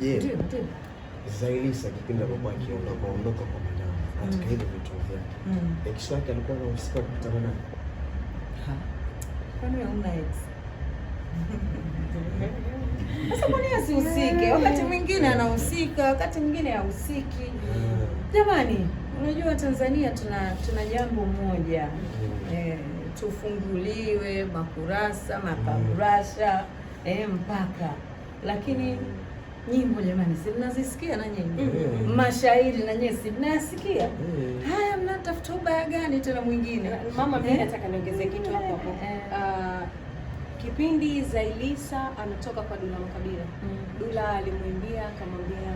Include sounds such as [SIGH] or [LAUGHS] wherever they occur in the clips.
Je, Zailisa kipindi alipokuwa akiondoka ondoka kwa Madam mm. katika hivyo vitu vyake, mm. ex yake alikuwa anahusika kukutana naye. [LAUGHS] Sasa mbona asihusike? Mm. Wakati mwingine anahusika, wakati mwingine hahusiki. Jamani, unajua Tanzania tuna tuna jambo moja eh, tufunguliwe makurasa makaburasha eh, mpaka lakini nyimbo jamani, si mnazisikia na nyinyi yeah. Mm. Mm. Mm. Mashairi na nyinyi si mnayasikia yeah. Haya, mnatafuta ubaya gani tena mwingine? Mama, mimi eh? nataka niongeze kitu hapo hapo eh. ah, kipindi Zailisa anatoka kwa Dula Makabila mm. Dula alimwimbia akamwambia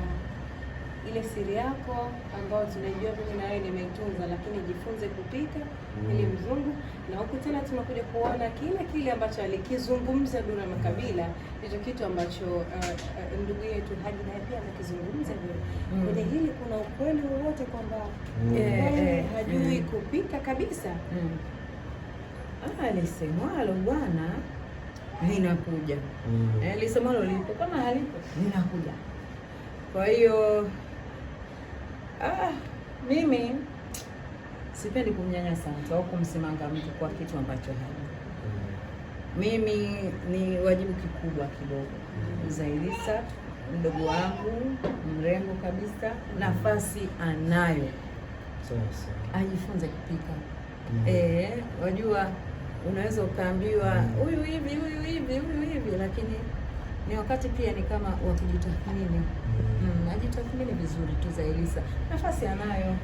ile siri yako ambayo tunajua mimi na wewe nimeitunza, lakini jifunze kupita mm. ili mzungu. Na huku tena tunakuja kuona kile kile ambacho alikizungumza Dula Makabila hicho kitu ambacho uh, uh, ndugu yetu Haji naye pia amekizungumza Dula mm. kwenye hili kuna ukweli wowote kwamba mm. eh, eh, eh, eh. hajui mm. kupika kabisa mm. ah, alisemwalo bwana linakuja, mm. eh, alisemwalo lipo kama halipo linakuja, kwa hiyo Ah, mimi sipendi kumnyanyasa mtu au kumsimanga mtu kwa kitu ambacho hana. Mm. Mimi ni wajibu kikubwa kidogo mm. Zailisa, mdogo wangu mrembo kabisa, nafasi anayo ajifunze kupika. Mm eh, wajua unaweza ukaambiwa mm. huyu hivi huyu hivi huyu hivi, lakini ni wakati pia ni kama wakijitathmini mm, vizuri tu nafasi anayo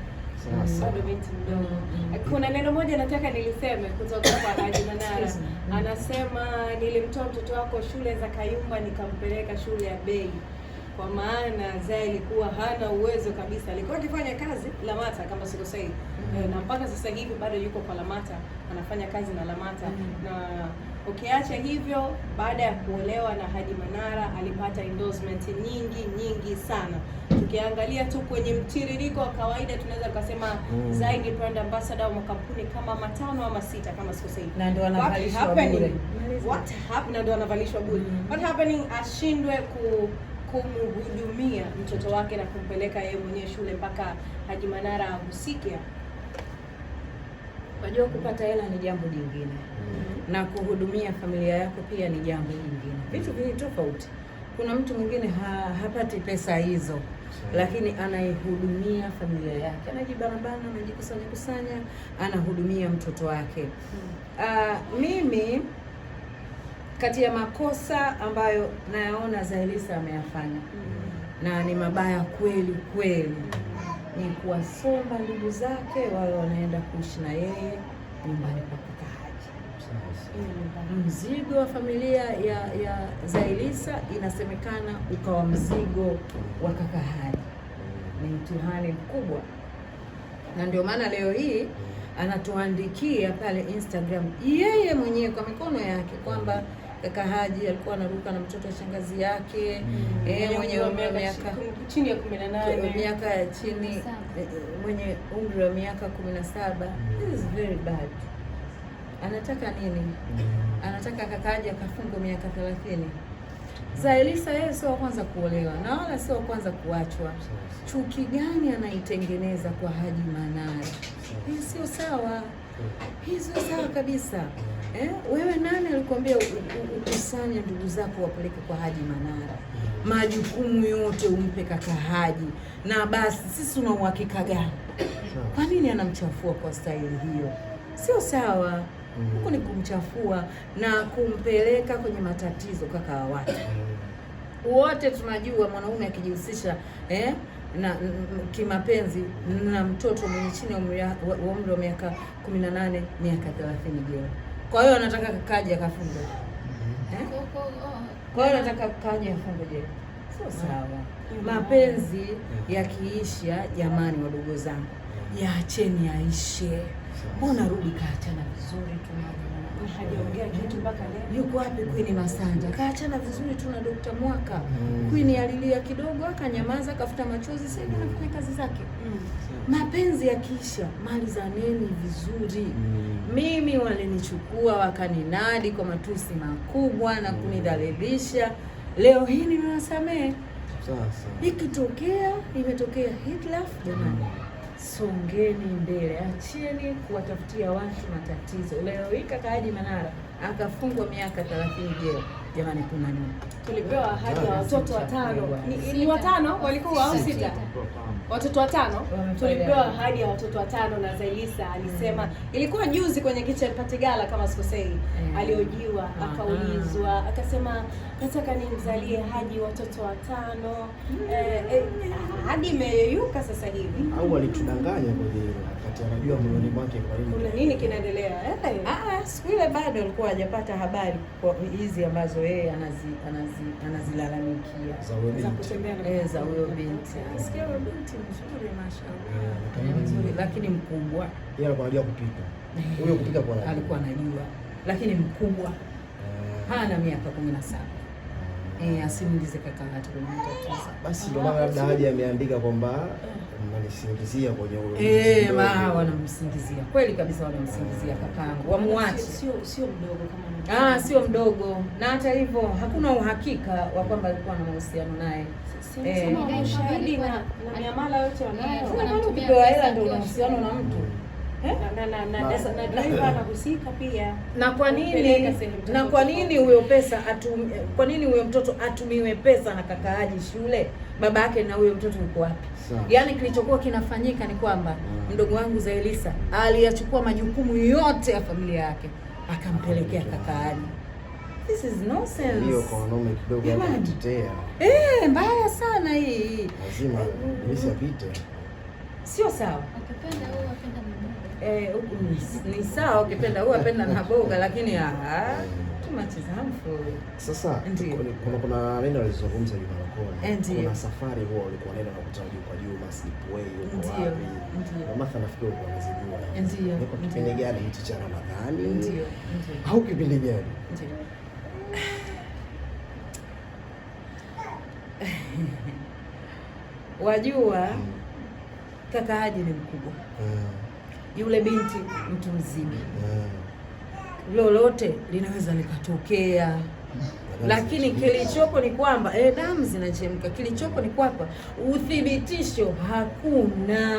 mm, bado binti mdogo. Mm. Eh, kuna neno moja nataka niliseme kutoka kwa Ajinanara, [COUGHS] mm. anasema nilimtoa mtoto wako shule za Kayumba nikampeleka shule ya Bei, kwa maana Zai alikuwa hana uwezo kabisa, alikuwa akifanya kazi Lamata kama sikosei mm -hmm. E, na mpaka sasa hivi bado yuko kwa Lamata anafanya kazi na Lamata mm -hmm. na Ukiacha hivyo, baada ya kuolewa na Hadi Manara alipata endorsement nyingi nyingi sana. Tukiangalia tu kwenye mtiririko wa kawaida tunaweza kusema mm. zaidi brand ambassador wa makampuni kama matano ama sita kama sikosei, na ndio anavalishwa bure. What happened? Na ndio anavalishwa bure. Mm. What happening? Ashindwe ku kumhudumia mtoto wake na kumpeleka yeye mwenyewe shule mpaka Haji Manara ahusike Unajua, kupata hela ni jambo jingine mm. na kuhudumia familia yako pia ni jambo jingine, vitu vili tofauti. Kuna mtu mwingine ha, hapati pesa hizo lakini anaihudumia familia yake, anajibanabana, anajikusanya kusanya, anahudumia mtoto wake mm. Uh, mimi kati ya makosa ambayo nayaona zailisa ameyafanya mm. na ni mabaya kweli kweli mm ni kuwasomba ndugu zake wao wanaenda kuishi na yeye nyumbani kwa kukaaji. Mzigo wa familia ya, ya Zailisa inasemekana ukawa mzigo wa Haji, mm. Ni mtihani mkubwa, na ndio maana leo hii mm. anatuandikia pale Instagram yeye mwenyewe kwa mikono yake kwamba mm kaka Haji alikuwa anaruka na mtoto wa shangazi yake eh, eh, mwenye umri wa miaka chini ya 18, miaka ya chini, mwenye umri wa miaka mm. 17. This is very bad. Anataka nini? Mm. Anataka kaka Haji akafungwa miaka 30. Zailisa yeye sio wa kwanza kuolewa na wala sio wa kwanza kuachwa. Chuki gani anaitengeneza kwa Haji Manara? Hii sio sawa, hii sio sawa kabisa. Mm. Eh, wewe nani alikwambia ukusanye ndugu zako wapeleke kwa Haji Manara? Majukumu yote umpe kaka Haji, na basi sisi tuna uhakika gani? Kwa nini anamchafua kwa staili hiyo? Sio sawa mm. huko ni kumchafua na kumpeleka kwenye matatizo kaka wa watu mm. wote. Tunajua mwanaume akijihusisha eh, na kimapenzi na mtoto mwenye chini ya umri wa miaka 18 miaka 30 jeo kwa hiyo anataka kaje akafunge. Eh? Kwa hiyo anataka kaje afunge je? Sio sawa. Mm. Mapenzi mm. yakiisha, jamani, wadogo zangu, mm. yaacheni yaishe. Mbona rudi kaachana vizuri tu hajaongea kitu mpaka leo. Yuko wapi Queen Masanja? Kaachana vizuri tu na Dr. Mwaka. Mm. Queen alilia kidogo akanyamaza akafuta machozi sasa anafanya kazi zake. Mm. Mapenzi yakiisha malizaneni vizuri. Mm. Mimi walinichukua wakaninadi kwa matusi makubwa na mm. kunidhalilisha. Leo hii nimewasamehe. Sasa ikitokea imetokea hitilafu mm. jamani. Mm. Songeni mbele, achieni kuwatafutia watu matatizo. Leo hii kakaaji Manara akafungwa miaka 30 jela. Jamani, kuna nini? Tulipewa ahadi ya watoto watano, ni watano walikuwa au sita? Watoto watano, tulipewa ahadi ya watoto watano na Zailisa alisema ilikuwa juzi kwenye kitchen party gala kama sikosei, eh. aliojiwa akaulizwa, akasema nataka nimzalie Haji watoto watano. Eh, eh, Haji imeyeyuka sasa hivi, au alitudanganya wakati anajua moyoni mwake kuna nini kinaendelea. Eh, ah, ah, siku ile bado alikuwa hajapata habari kwa hizi ambazo yeye anazi anazilalamikia za kutembea eh, za huyo binti. Nasikia huyo binti mzuri, mashallah, eh, lakini mkubwa yeye alikuwa anajua kupika. Huyo kupika kwa nani? Alikuwa anajua. Lakini mkubwa. Eh. Hana miaka 17. Eh, asimulize kaka hata kuna mtoto. Basi ndio maana labda haja ameandika kwamba eh. mnanisingizia kwenye huyo. Eh, ma wanamsingizia. Kweli kabisa wanamsingizia kakangu. Wamuache. Sio sio mdogo kama Ah, sio mdogo. Na hata hivyo hakuna uhakika wa kwamba alikuwa na mahusiano naye. Eh, ushahidi na miamala yote wanayo. Eh, kwa nini Unapopewa hela ndio unahusiana na mtu. Eh? na kwa nini na kwa nini huyo pesa atum, kwa nini huyo mtoto atumiwe pesa na kakaaji shule? Baba yake na huyo mtoto yuko wapi? Yaani kilichokuwa kinafanyika ni kwamba ah. mdogo wangu zaelisa aliyachukua majukumu yote ya familia yake akampelekea kakaaji. This is nonsense. Hiyo kwa wanaume kidogo wanatetea. Eh, mbaya sana hii. Lazima nisipite sio sawa. Akipenda apenda Eh, ni sawa ukipenda huwa apenda na boga, lakini aha, Sasa kuna kuna neno alizungumza juma la kona, eh, kuna safari huwa ulikuwa nenda na kutana juu kwa juu, basi ipoe huko wapi na matha, nafikiri ulikuwa unazijua. Ndio ni kwa kipindi gani hichi cha Ramadhani? Ndio au kipindi gani? Ndio [SIGHS] [SIGHS] wajua mm kaka Haji ni mkubwa mm. yule binti mtu mzima mm. lolote linaweza likatokea lakini kilichopo ni kwamba eh, damu zinachemka. Kilichopo ni kwamba uthibitisho hakuna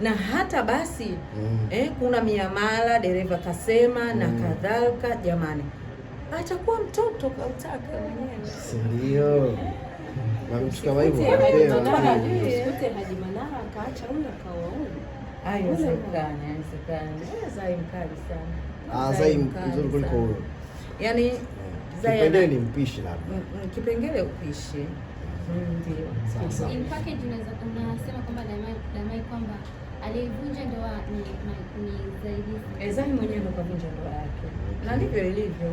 na hata basi mm. eh, kuna miamala dereva kasema mm. na hmm. kadhalika. Jamani, atakuwa mtoto kautaka mwenyewe, si ndio? Wamemshika hivyo. Ah, zai mzuri ah, kuliko huyo. Yaani eh, kipengele ni mpishi labda. Mm, mm, kipengele upishi. Eh. Mm, ndio. Sasa. kwamba aliyevunja ndoa ni zaidi Ezani mwenyewe ndo kavunja ndoa yake, mm. na ndivyo ilivyo.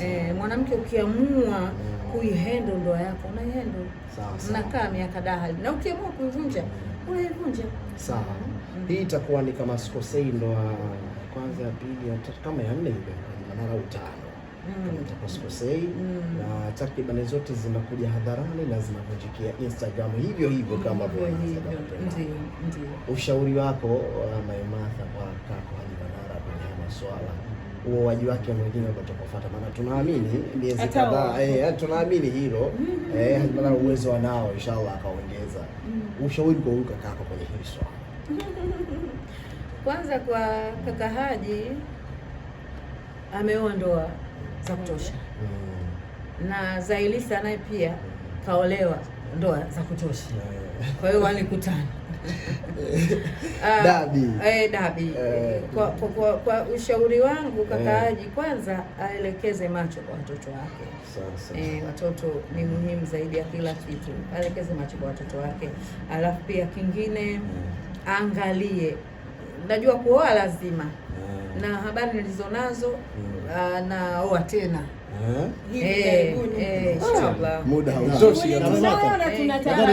Eh, mwanamke ukiamua mm. kuihendo ndoa yako unaihendo, mnakaa miaka dahali, na ukiamua kuivunja mm. unaivunja. Sawa, hii itakuwa ni kama sikosei, ndoa kwanza ya pili ya tatu kama ya nne hivi mara utano kama mm. mm. na takribani zote zinakuja hadharani na zinavunjikia Instagram hivyo hivyo kama Ndio, ndio. ushauri wako uh, Maimartha kwa kaka kako Hajimanara kwenye maswala mm. uoaji wake mwingine kufuata, maana tunaamini miezi kadhaa eh, tunaamini hilo mm -hmm. eh, Hajimanara uwezo wanao, inshallah akaongeza. mm. Ushauri kwa huyu kaka kwenye hili swala [LAUGHS] kwanza, kwa kaka Haji ameoa ndoa za mm. kutosha mm. na Zailisa naye pia kaolewa ndoa za kutosha mm. kwa hiyo walikutana [LAUGHS] ah, dabi eh, dabi eh. Kwa, kwa, kwa, kwa ushauri wangu eh. kakaaji Kwanza aelekeze macho kwa watoto wake sasa. Eh, watoto ni muhimu zaidi ya kila kitu, aelekeze macho kwa watoto wake, alafu pia kingine mm. angalie, najua kuoa lazima eh na habari nilizonazo uh, mm. ah, naoa tena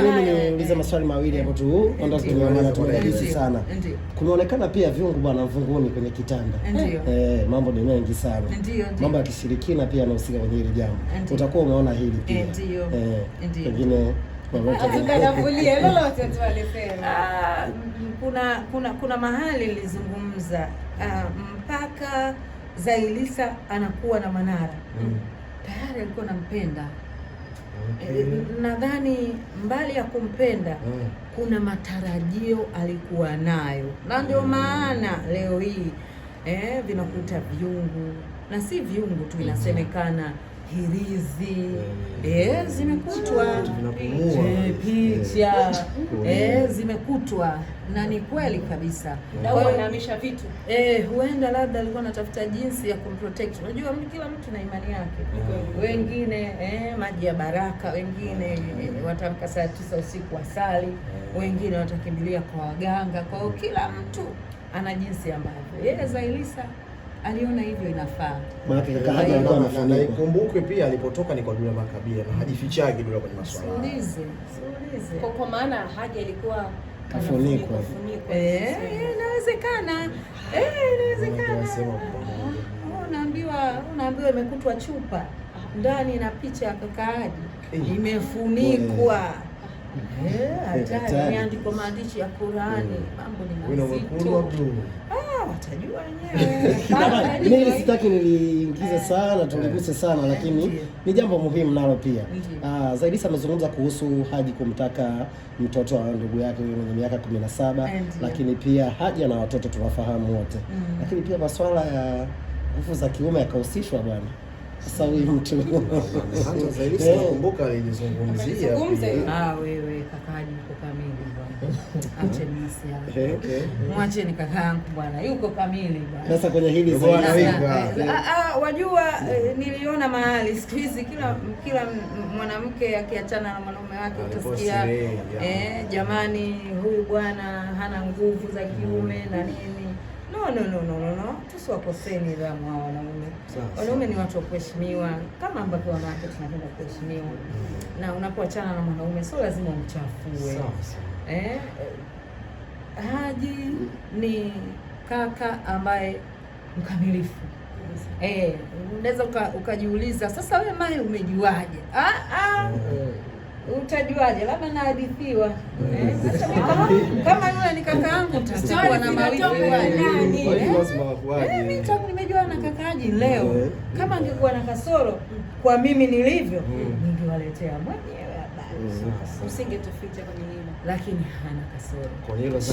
mimi niulize maswali mawili hapo tu, sana. Kumeonekana pia viungu bwana mvunguni kwenye kitanda eh, mambo ni mengi sana, mambo ya kishirikina pia yanahusika kwenye hili jambo. Utakuwa umeona hili pia eh, eh pengine [LAUGHS] Ah, kuna kuna kuna mahali nilizungumza uh, mpaka Zailisa anakuwa na Manara mm. tayari alikuwa nampenda okay. E, nadhani mbali ya kumpenda mm. kuna matarajio alikuwa nayo na ndio mm. maana leo hii eh, vinakuta viungu na si viungu tu, mm-hmm. inasemekana hirizi eh, eh, zimekutwa eh, picha eh, eh zimekutwa na ni kweli kabisa, inahamisha vitu eh, huenda labda alikuwa anatafuta jinsi ya kumprotect. Unajua kila mtu na imani yake, wengine eh, maji ya baraka, wengine watamka saa tisa usiku wasali, wengine watakimbilia kwa waganga. Kwa hiyo kila mtu ana jinsi ambavyo yeye Zailisa aliona hivyo inafaa. Na ikumbukwe pia alipotoka ni kwa Dula Makabila na hajifichagi Dula kwenye maswala. Siulize. Siulize. Kwa kwa maana haja ilikuwa kafunikwa. Eh, inawezekana. Eh, inawezekana. Ah, ah, unaambiwa, unaambiwa imekutwa chupa ndani na picha ya kaka Haji eh. imefunikwa. Eh, eh hatari. Imeandikwa maandishi ya Qurani. Eh. Mambo ni mazito. Wewe umekuwa watajua wenyewe. [LAUGHS] Mimi sitaki niliingize sana, tuliguse sana lakini eh. ni jambo muhimu nalo pia. Uh, mhm. ah, Zaiylissa amezungumza kuhusu Haji kumtaka mtoto wa ndugu yake mwenye miaka 17, eh, lakini pia Haji ana watoto tunafahamu wote, mhm. lakini pia masuala ya nguvu za kiume yakahusishwa bwana sawi mtu nakumbuka nilizungumzia ah, wewe kakaji uko kamili bwana, acheni masiala, mwacheni bwana, yuko kamili Sasa kwenye hili eh, ah, ah, wajua, eh, niliona mahali siku hizi kila kila mwanamke akiachana na mwanaume wake utasikia eh, jamani, huyu bwana hana nguvu za kiume na nini No, no, no, no, no, no. Tusiwakosee nidhamu hao wanaume. Wanaume ni watu wa kuheshimiwa kama ambavyo wanawake tunapenda kuheshimiwa. Mm. Na unapoachana na mwanaume sio lazima umchafue. Eh? Haji ni kaka ambaye mkamilifu. Eh, unaweza ukajiuliza sasa wewe Mai umejuaje? Ah ah. Mm. Utajuaje? Labda nahadithiwa eh, eh, eh, kama yule ni kaka yangu, tutakuwa na mimi tangu nimejua na kakaaji leo. Kama angekuwa na kasoro kwa mimi nilivyo, mm. ningewaletea mwenyewe habari, mm. usingetuficha kwenye hilo, lakini hana kasoro.